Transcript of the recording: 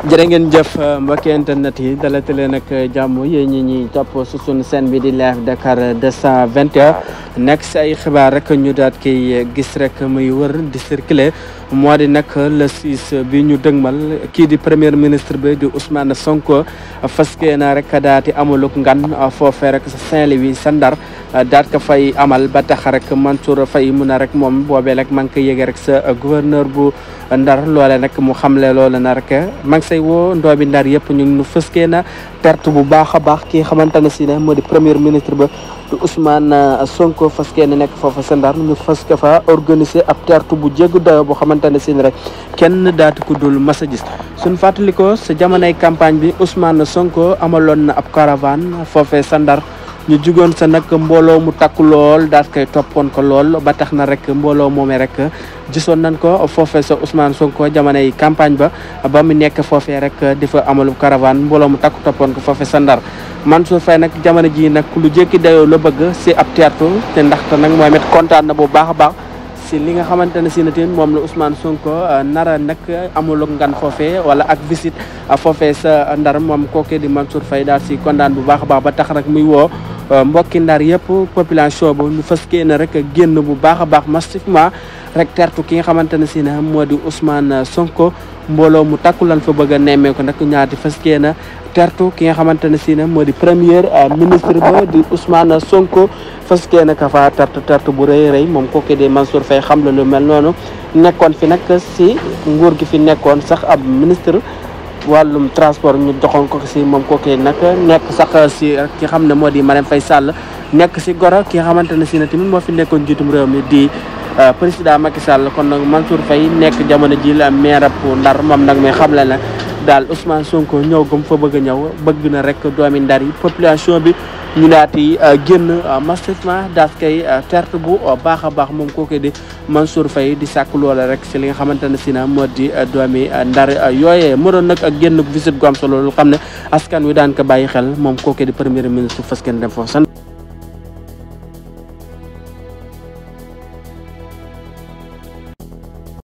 jërë ngeen jëf euh, mbokki internet yi dalate leen ak euh, jàmm yéen ñu ñuy topp su sunu seen bi di live Dakar 221 nekk si ay xibaar rek ñu daat koy euh, gis rek muy wër di circuler moo di nag le 6 bi ñu dëgmal kii di premier ministre bi di Ousmane Sonko faskee na rek daati amuluk ngan foofee rek sa Saint-Louis Sandar Eh, daat ko fay amal ba tax rek Mansour fay mu ne rek moom boobe rek maa ngi koy rek sa eh, gouverneur bu ndar loole nag mu xamle loole na rek eh, man ngi say woo ndoobi ndar yëpp ñu nu fëskee na perte bu baax a baax ki xamante ne si ne moo premier ministre ba di Ousmane Sonko faskee ne nekk foofa sa ndar ñu faske fa organiser ab tertu bu jéggu dayo boo xamante ne si rek kenn daati ko dul mas a gis suñ fàttalikoo sa jamonoy campagne bi Ousmane Sonko amaloon na ab caravane foofee sa ndar ñu jugoon sa mutakulol mbooloo mu takku lool daal koy toppoon ko ba na rek mbooloo moomee rek gisoon ko foofee sa Ousmane Sonko jamono yi campagne ba ba mu nekk foofee rek di fa amalu caravane mbooloo mu takku toppoon ko foofee sa ndar Mansour Faye nag jamono ji nag lu jékki dayoo la bëgg si ab théâtre te ndaxte nag moomet kontaan na bu baax baax li nga la Ousmane Sonko euh, nara nak amul ngan foofee wala ak visite foofee sa ndar moom di Mansour Faye dasi si kontaan bu baax a baax ba tax muy Euh, mbokki ndar yëpp population boobu ñu fas yéene rek génn bu baax a baax massivement rek tertu ki nga xamante ne si ne moo di Ousmane Sonko mbooloo mu takku lan fa bëgg a nemmeeku nag ñaati fas yéene tertu ki nga xamante ne si ne moo di premier euh, ministre ba di Ousmane Sonko fas yéene ka fa tertu tertu bu rëy rëy moom kooku di Mansour Faye xam la lu mel noonu nekkoon fi nag si nguur gi fi nekkoon sax ab ministre. wàllum transport ñu doxoon ko si moom kookee nag nekk sax si ki xam ne moo di Marème fay sàll nekk si goro ki nga xamante ne si na tamit moo fi nekkoon jiitum réew mi di euh, président Macky Sall kon nag Mansour fay nekk jamono ji laa maire bu Ndar moom nag mais xam le na daal Ousmane Sonko ñëw gum fa bëgg a ñëw bëgg na rek doomi Ndar yi population bi ñu daal di euh, génn euh, massivement daas kay terte euh, bu baax a baax moom kookee di Mansour fay di sàkk loole rek si li nga xamante ne si na moo di doomi ndar yooyee mu doon nag ak génn visite gu am solo loolu xam ne askan wi daan ko bàyyi xel moom kookee di premier ministre fas dem foofu